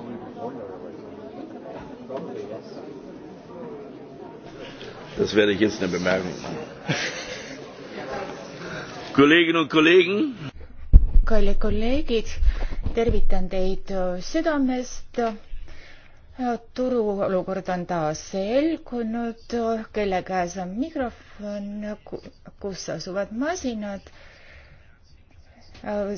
probably before your revelation. Probably, yes. Das werde ich jetzt eine Bemerkung machen. Kolleginnen und Kollegen. kallid kolleegid, tervitan teid südamest. turuolukord on taas selgunud, kelle käes on mikrofon, kus asuvad masinad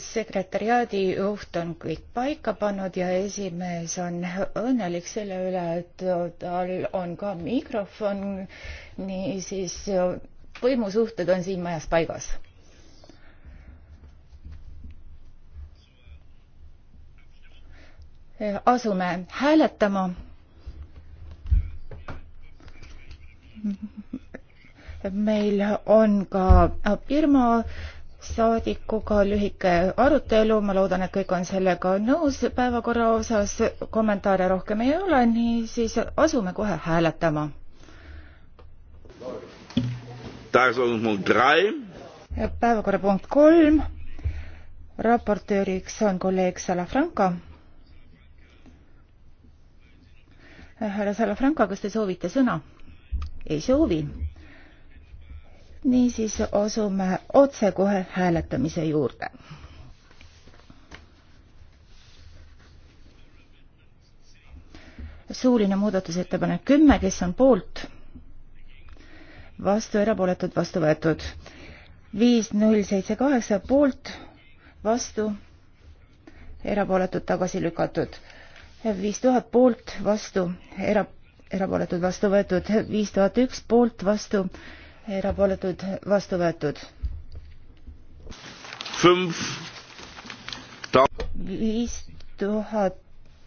sekretäriaadi juht on kõik paika pannud ja esimees on õnnelik selle üle, et tal on ka mikrofon, niisiis võimusuhted on siin majas paigas. asume hääletama meil on ka Birma saadikuga lühike arutelu, ma loodan, et kõik on sellega nõus päevakorra osas, kommentaare rohkem ei ole, niisiis asume kohe hääletama. päevakorrapunkt kolm, raportööriks on kolleeg Salafranca. härra Salafranca, kas te soovite sõna? ei soovi niisiis asume otsekohe hääletamise juurde. suuline muudatusettepanek kümme, kes on poolt? vastu, erapooletud, vastu võetud. viis, null, seitse, kaheksa poolt, vastu, erapooletud, tagasi lükatud. viis tuhat poolt, vastu, era-, erapooletud, vastu võetud. viis tuhat üks poolt, vastu erapooletud, vastu võetud. viis tuhat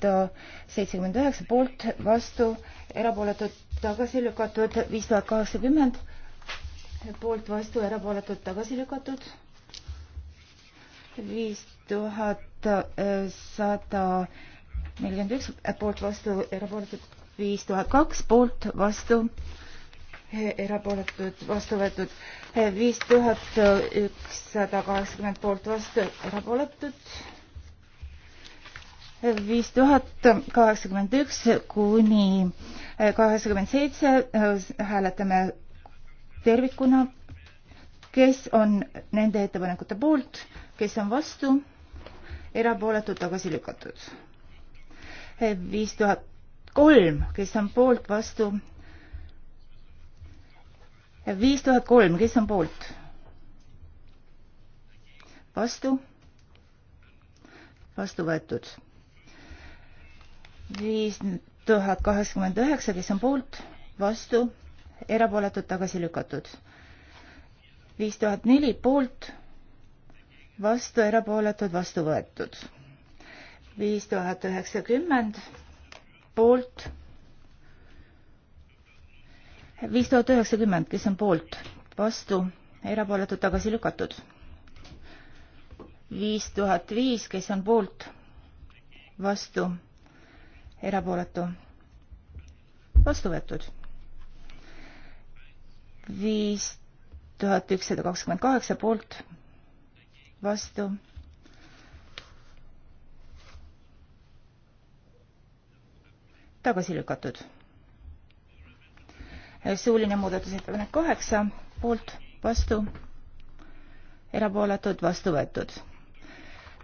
seitsekümmend üheksa poolt, vastu, erapooletud, tagasi lükatud, viis tuhat kaheksakümmend poolt, vastu, erapooletud, tagasi lükatud. viis tuhat äh, sada nelikümmend üks poolt, vastu, erapooletud, viis tuhat kaks poolt, vastu erapooletud vastu võetud viis tuhat ükssada kaheksakümmend poolt vastu erapooletud viis tuhat kaheksakümmend üks kuni kaheksakümmend seitse hääletame tervikuna kes on nende ettepanekute poolt kes on vastu erapooletud tagasi lükatud viis tuhat kolm kes on poolt vastu viis tuhat kolm, kes on poolt? vastu? vastu võetud. viis tuhat kaheksakümmend üheksa, kes on poolt, vastu, erapooletud, tagasi lükatud. viis tuhat neli poolt, vastu, erapooletud, vastu võetud. viis tuhat üheksakümmend poolt viis tuhat üheksakümmend, kes on poolt, vastu, erapooletud, tagasi lükatud. viis tuhat viis, kes on poolt, vastu, erapooletu, vastu võetud. viis tuhat ükssada kakskümmend kaheksa poolt, vastu tagasi lükatud suuline muudatusettepanek kaheksa, poolt, vastu, erapooletud, vastu võetud.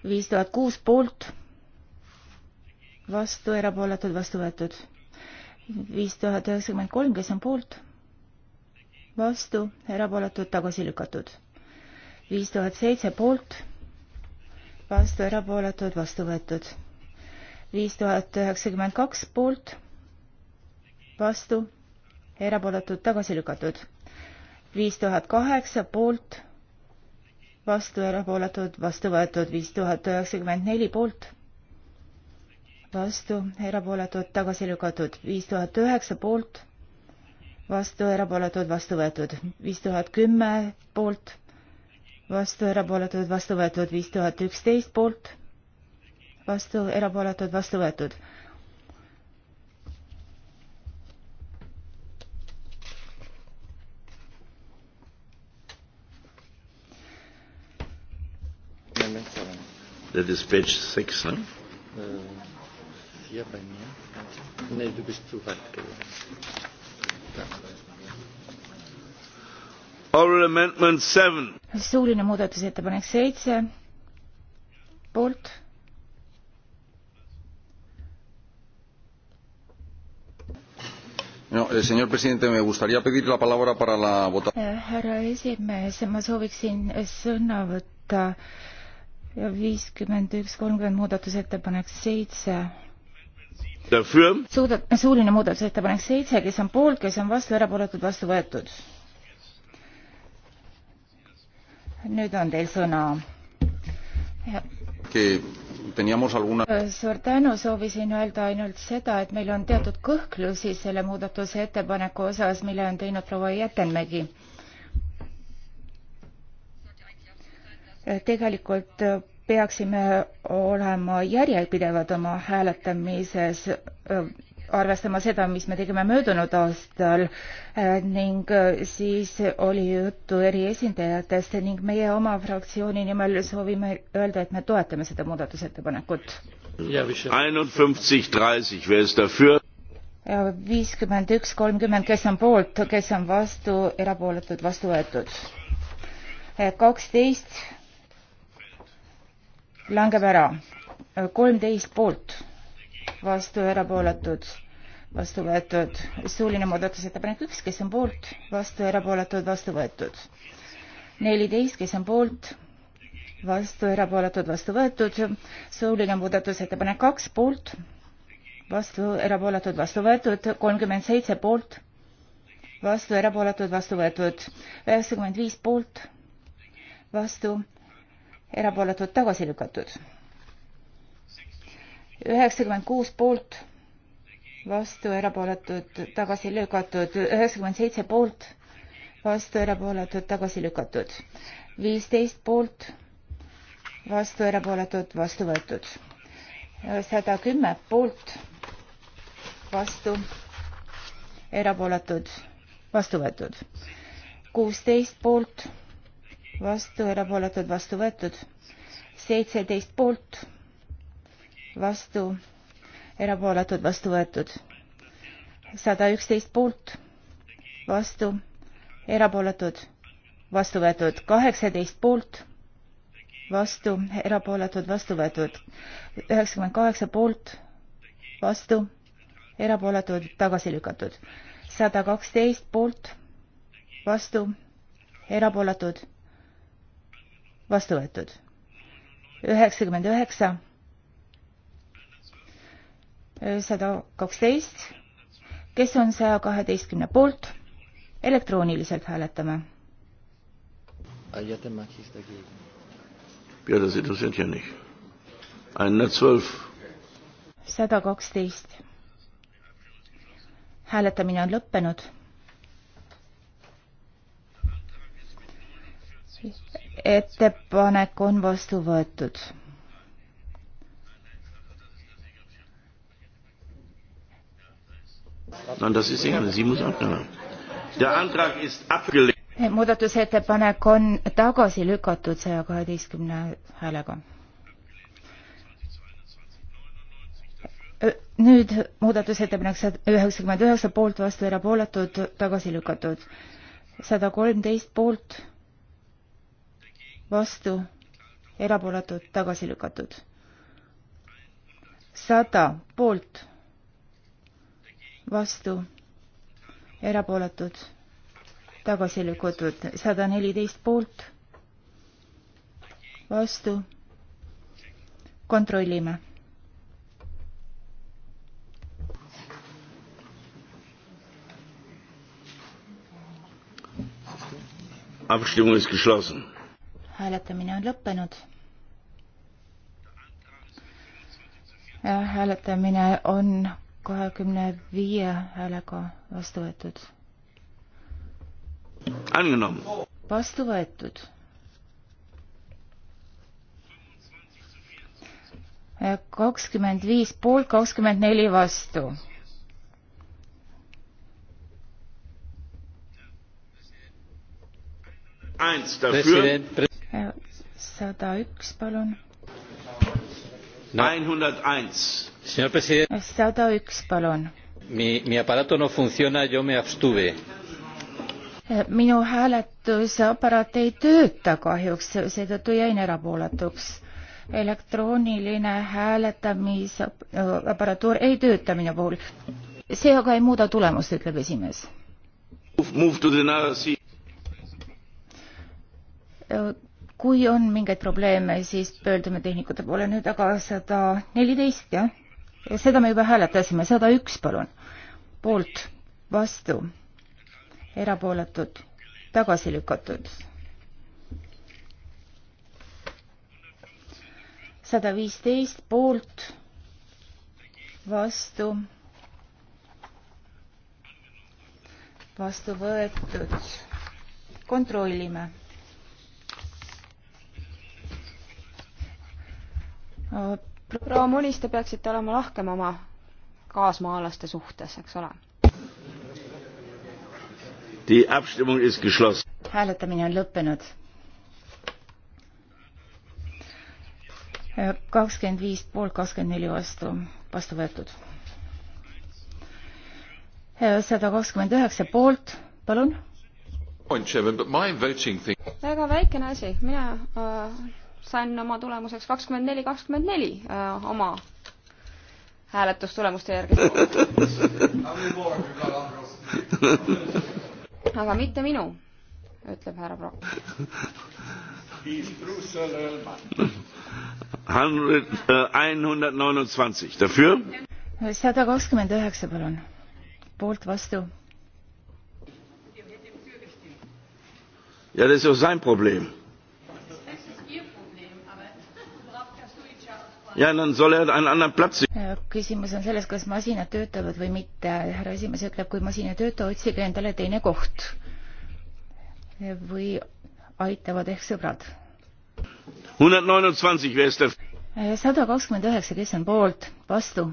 viis tuhat kuus poolt, vastu, erapooletud, vastu võetud. viis tuhat üheksakümmend kolm, kes on poolt, vastu, erapooletud, tagasi lükatud. viis tuhat seitse poolt, vastu, erapooletud, vastu võetud. viis tuhat üheksakümmend kaks poolt, vastu erapooletud tagasi lükatud. viis tuhat kaheksa poolt, vastu erapooletud, vastu võetud viis tuhat üheksakümmend neli poolt, vastu erapooletud, tagasi lükatud viis tuhat üheksa poolt, vastu erapooletud, vastu võetud viis tuhat kümme poolt, vastu erapooletud, vastu võetud viis tuhat üksteist poolt, vastu erapooletud, vastu võetud 5 that is page 6, ne? Hier äh, bei mir. Ne, du bist zu weit Oral amendment 7. suuline muudatusettepanek seitse, poolt. No, eh, señor presidente, me gustaría pedir la palabra para la votación. Eh, härra esimees, ma sooviksin sõna võtta eh, ja viiskümmend üks, kolmkümmend muudatusettepanek seitse. suuda-, suuline muudatusettepanek seitse, kes on poolt, kes on vastu, erapooletud, vastu võetud. nüüd on teil sõna. Äh, suur tänu, soovisin öelda ainult seda, et meil on teatud kõhklusi selle muudatusettepaneku osas, mille on teinud proua Jätenmägi Eh, tegelikult eh, peaksime olema järjepidevad oma hääletamises, eh, arvestama seda, mis me tegime möödunud aastal ning siis oli juttu eriesindajatest ning meie oma fraktsiooni nimel soovime öelda, et me toetame seda muudatusettepanekut. viiskümmend üks, kolmkümmend, kes on poolt, kes on vastu, erapooletud, vastu võetud. kaksteist langeb ära. kolmteist poolt, vastu erapooletud, vastu võetud. suuline muudatusettepanek üks, kes on poolt, vastu erapooletud, vastu võetud. neliteist, kes on poolt, vastu erapooletud, vastu võetud. suuline muudatusettepanek kaks poolt, vastu erapooletud, vastu võetud. kolmkümmend seitse poolt, vastu erapooletud, vastu võetud. üheksakümmend viis poolt, vastu erapooletud tagasi lükatud. üheksakümmend kuus poolt, vastu erapooletud tagasi lükatud, üheksakümmend seitse poolt, vastu erapooletud tagasi lükatud, viisteist poolt, vastu erapooletud vastu võetud, sada kümme poolt, vastu erapooletud vastu võetud, kuusteist poolt vastu, erapooletud, vastu võetud. seitseteist poolt, vastu, erapooletud, vastu võetud. sada üksteist poolt, vastu, erapooletud, vastu võetud. kaheksateist poolt, vastu, erapooletud, vastu võetud. üheksakümmend kaheksa poolt, vastu, erapooletud, tagasi lükatud. sada kaksteist poolt, vastu, erapooletud vastu võetud. üheksakümmend üheksa, sada kaksteist, kes on saja kaheteistkümne poolt, elektrooniliselt hääletame. Ah, sada kaksteist. hääletamine on lõppenud ettepanek on vastu võetud. muudatusettepanek on tagasi lükatud saja kaheteistkümne häälega. nüüd muudatusettepanek sada üheksakümmend üheksa poolt, vastu erapooletud, tagasi lükatud. sada kolmteist poolt vastu, erapooletud, tagasi lükatud. sada poolt, vastu, erapooletud, tagasi lükatud, sada neliteist poolt, vastu, kontrollime abstimmung ist geschlossen hääletamine on lõppenud. hääletamine on kahekümne viie häälega vastu võetud. vastu võetud. kakskümmend viis poolt, kakskümmend neli vastu eins dafür sada üks, palun. sada üks, palun. Mi, mi aparato no funciona, yo me abstuve eh, minu hääletusaparaat ei tööta kahjuks, seetõttu jäin erapooletuks. elektrooniline hääletamisaparatuur ei tööta minu puhul. see aga ei muuda tulemust, ütleb esimees kui on mingeid probleeme, siis pöördume tehnikute poole nüüd, aga sada neliteist, jah? seda me juba hääletasime, sada üks, palun. poolt, vastu, erapooletud, tagasi lükatud. sada viisteist poolt, vastu, vastu võetud. kontrollime proua Munis, te peaksite olema lahkem oma kaasmaalaste suhtes, eks ole. hääletamine on lõppenud. kakskümmend viis poolt, kakskümmend neli vastu, vastu võetud. sada kakskümmend üheksa poolt, palun. väga väikene asi, mina äh sain oma tulemuseks kakskümmend neli, kakskümmend neli äh, oma hääletustulemuste järgi. aga mitte minu, ütleb härra Brock. Äh, sada kakskümmend üheksa, palun. poolt, vastu. ja see on tema probleem Er äh, küsimus on selles, kas masinad töötavad või mitte. härra esimees ütleb, kui masin ei tööta, otsige endale teine koht. või aitavad ehk sõbrad. Äh, sada kakskümmend üheksa, kes on poolt, vastu?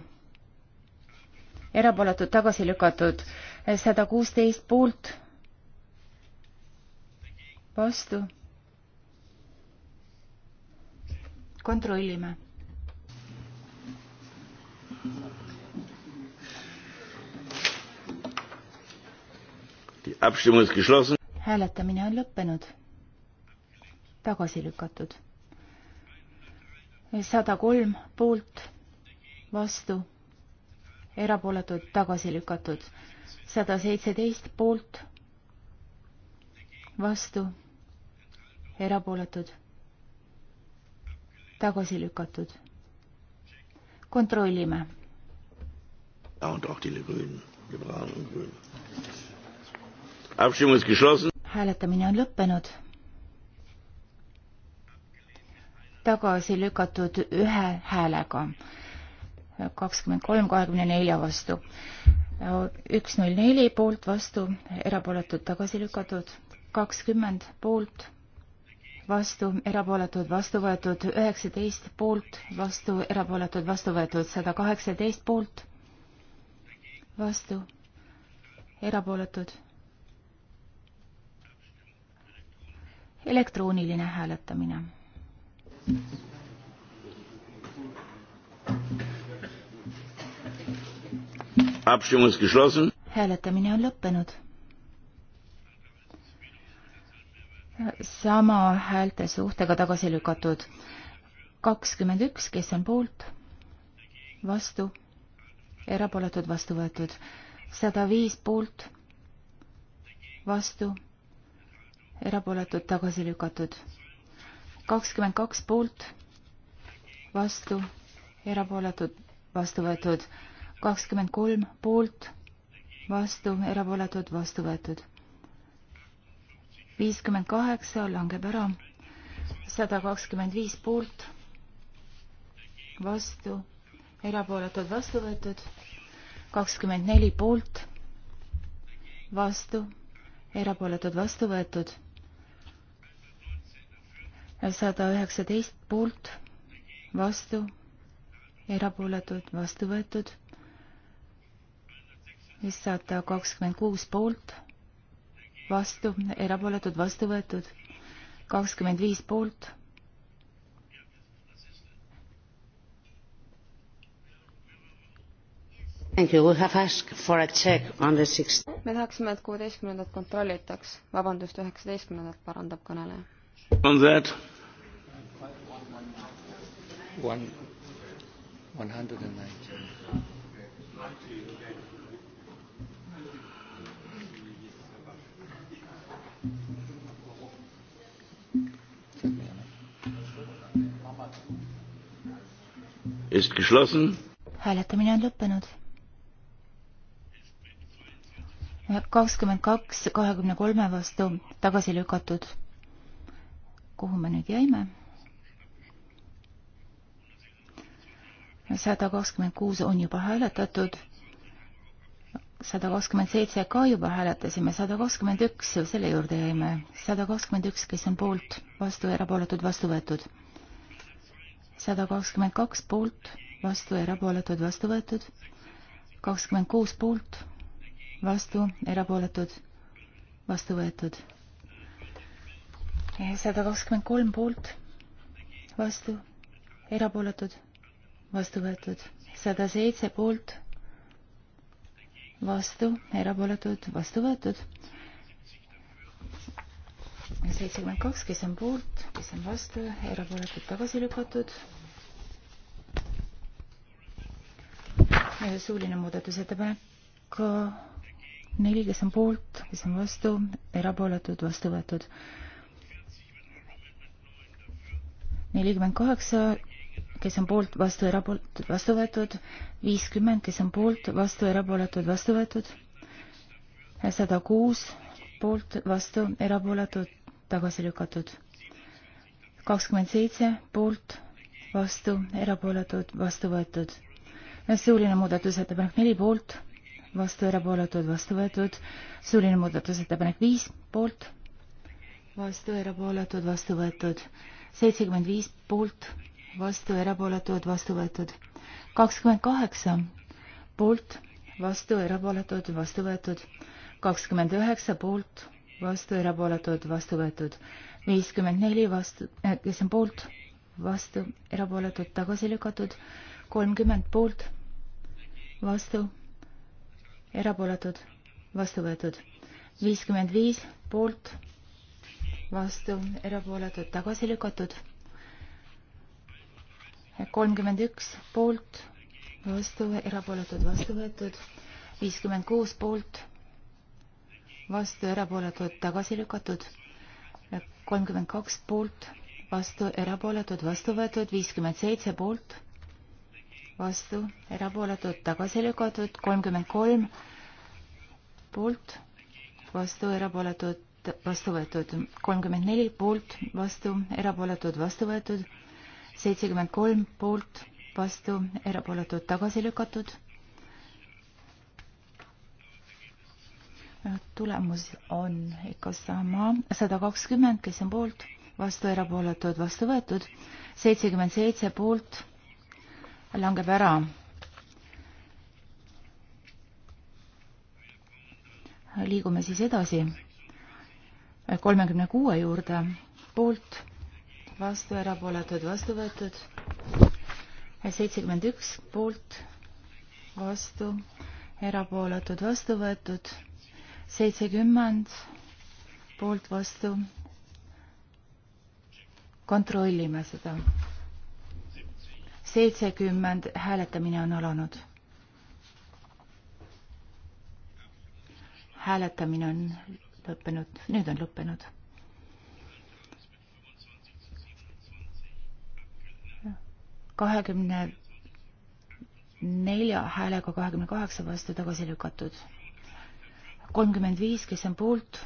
erapooletud tagasi lükatud. Äh, sada kuusteist poolt, vastu kontrollime hääletamine on lõppenud. tagasi lükatud. sada kolm poolt, vastu, erapooletud, tagasi lükatud. sada seitseteist poolt, vastu, erapooletud, tagasi lükatud kontrollime. hääletamine on lõppenud. tagasi lükatud ühe häälega, kakskümmend kolm kahekümne nelja vastu üks null neli poolt vastu, erapooletud tagasi lükatud, kakskümmend poolt vastu, erapooletud, vastu võetud üheksateist poolt, vastu, erapooletud, vastu võetud sada kaheksateist poolt, vastu, erapooletud. elektrooniline hääletamine. hääletamine on lõppenud sama häälte suhtega tagasi lükatud. kakskümmend üks, kes on poolt, vastu, erapooletud, vastu võetud. sada viis poolt, vastu, erapooletud, tagasi lükatud. kakskümmend kaks poolt, vastu, erapooletud, vastu võetud. kakskümmend kolm poolt, vastu, erapooletud, vastu võetud viiskümmend kaheksa langeb ära, sada kakskümmend viis poolt, vastu, erapooletud vastu võetud, kakskümmend neli poolt, vastu, erapooletud vastu võetud, sada üheksateist poolt, vastu, erapooletud vastu võetud, sada kakskümmend kuus poolt vastu, erapooletud, vastu võetud, kakskümmend viis poolt. me tahaksime, et kuueteistkümnendat kontrollitaks, vabandust, üheksateistkümnendat parandab kõneleja. on see? One, one hundred and ninety. hääletamine on lõppenud. kakskümmend kaks kahekümne kolme vastu tagasi lükatud. kuhu me nüüd jäime? sada kakskümmend kuus on juba hääletatud sada kakskümmend seitse ka juba hääletasime, sada kakskümmend üks, selle juurde jäime. sada kakskümmend üks, kes on poolt, vastu, erapooletud, vastu võetud sada kakskümmend kaks poolt, vastu, erapooletud, vastu võetud. kakskümmend kuus poolt, vastu, erapooletud, vastu võetud. sada kakskümmend kolm poolt, vastu, erapooletud, vastu võetud. sada seitse poolt, vastu, erapooletud, vastu võetud seitsekümmend kaks, kes on poolt, kes on vastu, erapooletud tagasi lükatud. suuline muudatusettepanek neli, kes on poolt, kes on vastu, erapooletud, vastu võetud. nelikümmend kaheksa, kes on poolt, vastu, erapooletud, vastu võetud. viiskümmend, kes on poolt, vastu, erapooletud, vastu võetud. sada kuus poolt, vastu, erapooletud, tagasi lükatud. kakskümmend seitse poolt, vastu, erapooletud, vastu võetud. suuline muudatusettepanek neli poolt, vastu, erapooletud, vastu võetud. suuline muudatusettepanek viis poolt, vastu, erapooletud, vastu võetud. seitsekümmend viis poolt, vastu, erapooletud, vastu võetud. kakskümmend kaheksa poolt, vastu, erapooletud, vastu võetud. kakskümmend üheksa poolt vastu, erapooletud, vastu võetud. viiskümmend neli vastu äh,, kes on poolt, vastu, erapooletud, tagasi lükatud. kolmkümmend poolt, vastu, erapooletud, vastu võetud. viiskümmend viis poolt, vastu, erapooletud, tagasi lükatud. kolmkümmend üks poolt, vastu, erapooletud, vastu võetud. viiskümmend kuus poolt vastu erapooletud tagasi lükatud, kolmkümmend kaks poolt, vastu erapooletud vastu võetud, viiskümmend seitse poolt, vastu erapooletud tagasi lükatud, kolmkümmend kolm poolt, vastu erapooletud vastu võetud, kolmkümmend neli poolt, vastu, erapooletud, vastu võetud, seitsekümmend kolm poolt, vastu, erapooletud, tagasi lükatud, tulemus on ikka sama, sada kakskümmend, kes on poolt, vastu erapooletud, vastu võetud, seitsekümmend seitse poolt langeb ära. liigume siis edasi kolmekümne kuue juurde, poolt, vastu erapooletud, vastu võetud, seitsekümmend üks poolt, vastu, erapooletud, vastu võetud seitsekümmend poolt vastu. kontrollime seda. seitsekümmend, hääletamine on alanud. hääletamine on lõppenud, nüüd on lõppenud kahekümne nelja häälega kahekümne kaheksa vastu tagasi lükatud kolmkümmend viis, kes on poolt,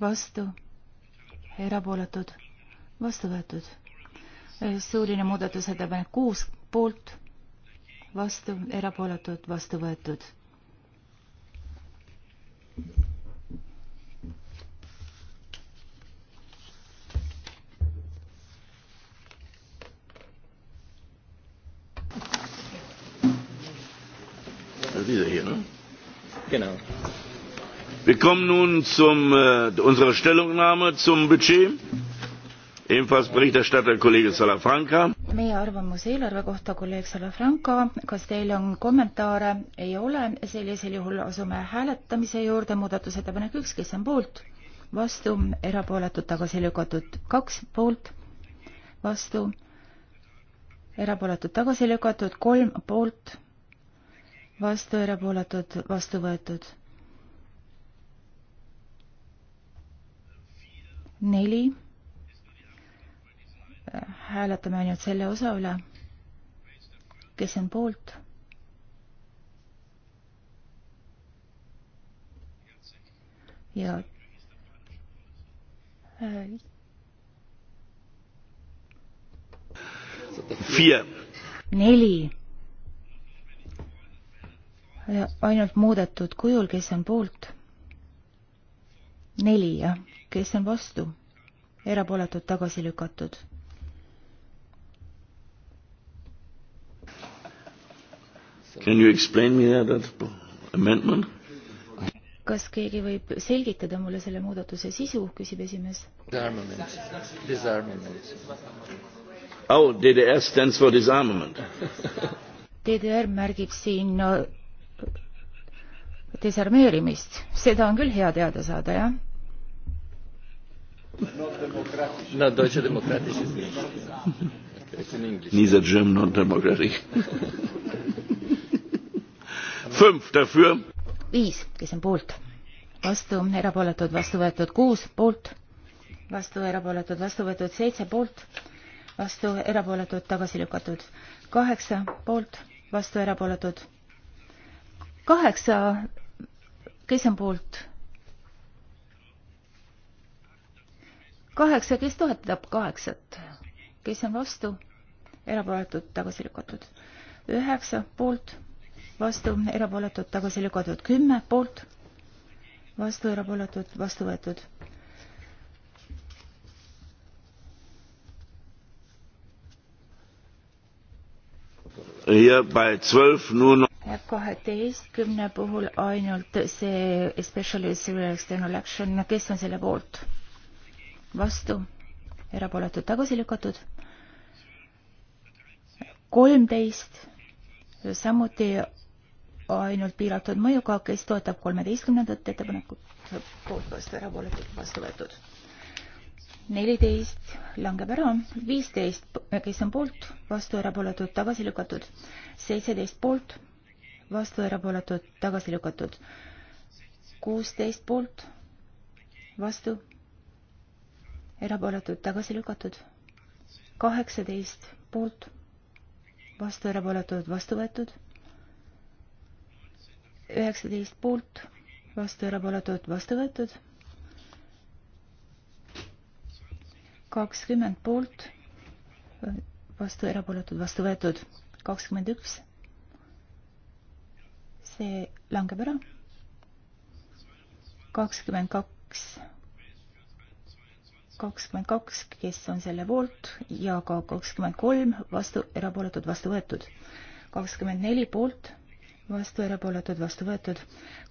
vastu, erapooletud, vastu võetud. suuline muudatusettepanek kuus poolt, vastu, erapooletud, vastu võetud. wieder hier, ne? Genau. Wir kommen nun zu äh, unserer Stellungnahme zum Budget. Ebenfalls Berichterstatter Kollege Salafranca. Meie arvamus eelarve kohta kolleeg Salafranca. Kas teil on kommentaare? Ei ole. Sellisel juhul asume hääletamise juurde. Muudatusettepanek 1, kes on poolt? Vastu. Erapooletud tagasi lükatud 2 poolt. Vastu. Erapooletud tagasi lükatud 3 poolt vastu, erapooletud, vastu võetud. neli. hääletame ainult selle osa üle. kes on poolt? ja äh, vier neli ainult muudetud kujul, kes on poolt? neli, jah. kes on vastu? erapooletud tagasi lükatud. Can you explain me that amendment? kas keegi võib selgitada mulle selle muudatuse sisu, küsib esimees. Disarmament. Disarmament. Oh, DDR stands for disarmament DDR märgib siin no, desarmeerimist, seda on küll hea teada saada, jah. no Deutsche Demokratische Neither German nor democratic. Fünf dafür. viis, kes on poolt, vastu, erapooletud, vastu võetud kuus, poolt, vastu, erapooletud, vastu võetud seitse, poolt, vastu, erapooletud, tagasi lükatud kaheksa, poolt, vastu, erapooletud kaheksa kes on poolt? kaheksa, kes toetab kaheksat? kes on vastu? erapooletud, tagasi lükatud. üheksa poolt, vastu, erapooletud, tagasi lükatud. kümme poolt, vastu, erapooletud, vastu võetud. hier bei zwölf nur noch kaheteistkümne puhul ainult see especially serial external action, kes on selle poolt? vastu, erapooletud tagasi lükatud. kolmteist, samuti ainult piiratud mõjuga, kes toetab kolmeteistkümnendat ettepanekut, poolt vastu, erapooletud vastu võetud. neliteist langeb ära, viisteist, kes on poolt, vastu, erapooletud tagasi lükatud, seitseteist poolt vastu erapooletud, tagasi lükatud. kuusteist poolt, vastu, erapooletud, tagasi lükatud. kaheksateist poolt, vastu erapooletud, vastu võetud. üheksateist poolt, vastu erapooletud, vastu võetud. kakskümmend poolt, vastu erapooletud, vastu võetud. kakskümmend üks see langeb ära. kakskümmend kaks, kakskümmend kaks, kes on selle poolt ja ka kakskümmend kolm vastu, erapooletud, vastu võetud. kakskümmend neli poolt, vastu, erapooletud, vastu võetud.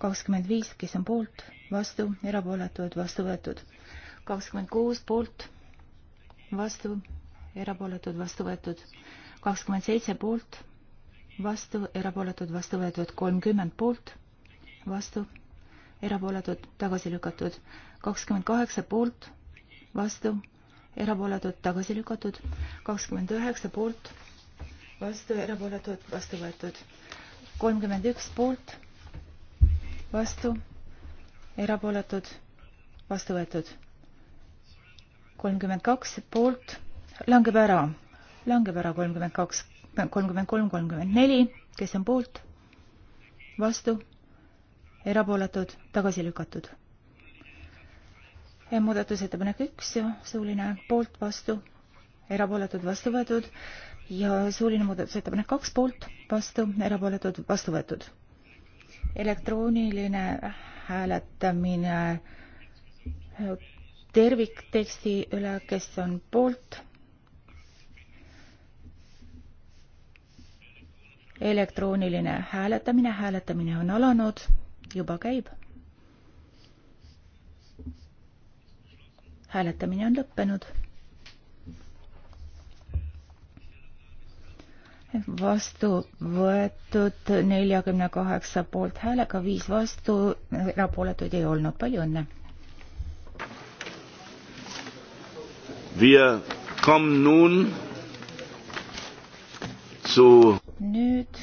kakskümmend viis, kes on poolt, vastu, erapooletud, vastu võetud. kakskümmend kuus poolt, vastu, erapooletud, vastu võetud. kakskümmend seitse poolt vastu, erapooletud, vastu võetud kolmkümmend poolt, vastu, erapooletud, tagasi lükatud kakskümmend kaheksa poolt, vastu, erapooletud, tagasi lükatud kakskümmend üheksa poolt, vastu, erapooletud, vastu võetud kolmkümmend üks poolt, vastu, erapooletud, vastu võetud kolmkümmend kaks poolt, langeb ära, langeb ära kolmkümmend kaks kolmkümmend kolm, kolmkümmend neli, kes on poolt, vastu, erapooletud, tagasi lükatud. ja muudatusettepanek üks, suuline poolt, vastu, erapooletud, vastu võetud ja suuline muudatusettepanek kaks poolt, vastu, erapooletud, vastu võetud. elektrooniline hääletamine tervikteksti üle, kes on poolt elektrooniline hääletamine, hääletamine on alanud, juba käib. hääletamine on lõppenud. vastu võetud neljakümne kaheksa poolthäälega, viis vastu, erapooletuid ei olnud, palju õnne. Wir kommen nun zu nüüd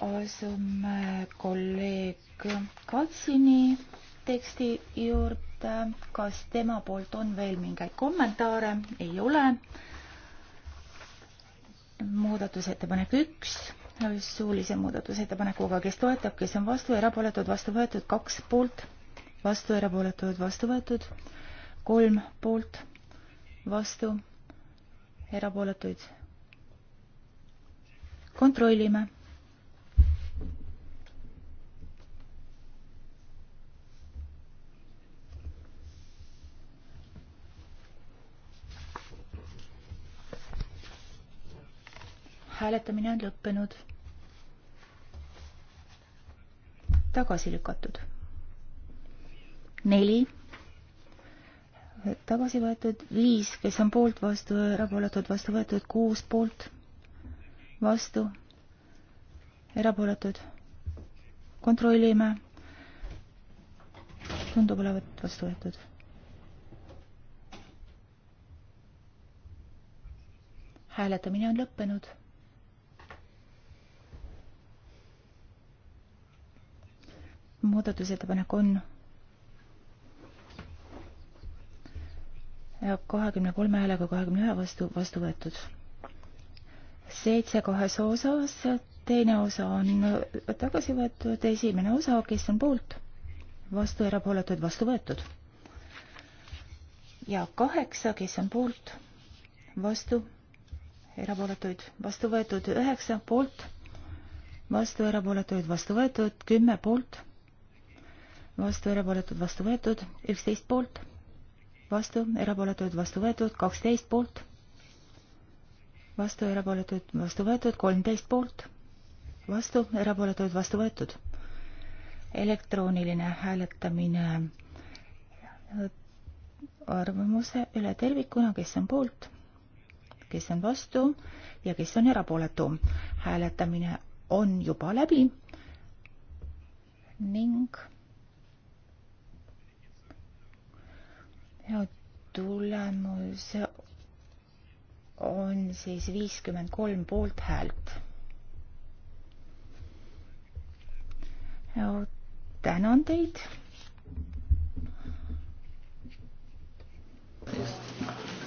asume kolleeg Katsini teksti juurde. kas tema poolt on veel mingeid kommentaare? ei ole. muudatusettepanek üks, suulise muudatusettepanekuga, kes toetab, kes on vastu, erapooletud, vastu võetud, kaks poolt, vastu, erapooletud, vastu võetud, kolm poolt, vastu, erapooletuid kontrollime. hääletamine on lõppenud. tagasi lükatud. neli. tagasi võetud viis, kes on poolt vastu, erapooletud vastu võetud kuus poolt vastu, erapooletud. kontrollime. tundub olevat vastu võetud. hääletamine on lõppenud. muudatusettepanek on ja kahekümne kolme häälega kahekümne ühe vastu, vastu võetud seitse kahes osas, teine osa on tagasi võetud, esimene osa, kes on poolt, vastu, erapooletud, vastu võetud. ja kaheksa, kes on poolt, vastu, erapooletuid, vastu võetud, üheksa poolt, vastu, erapooletuid, vastu võetud, kümme poolt, vastu, erapooletud, vastu võetud, üksteist poolt, vastu, erapooletuid, vastu võetud, kaksteist poolt vastu, erapooletuid vastu võetud, kolmteist poolt, vastu, erapooletuid vastu võetud. elektrooniline hääletamine arvamuse üle tervikuna, kes on poolt, kes on vastu ja kes on erapooletu. hääletamine on juba läbi ning ja tulemus on siis viiskümmend kolm poolthäält. tänan teid.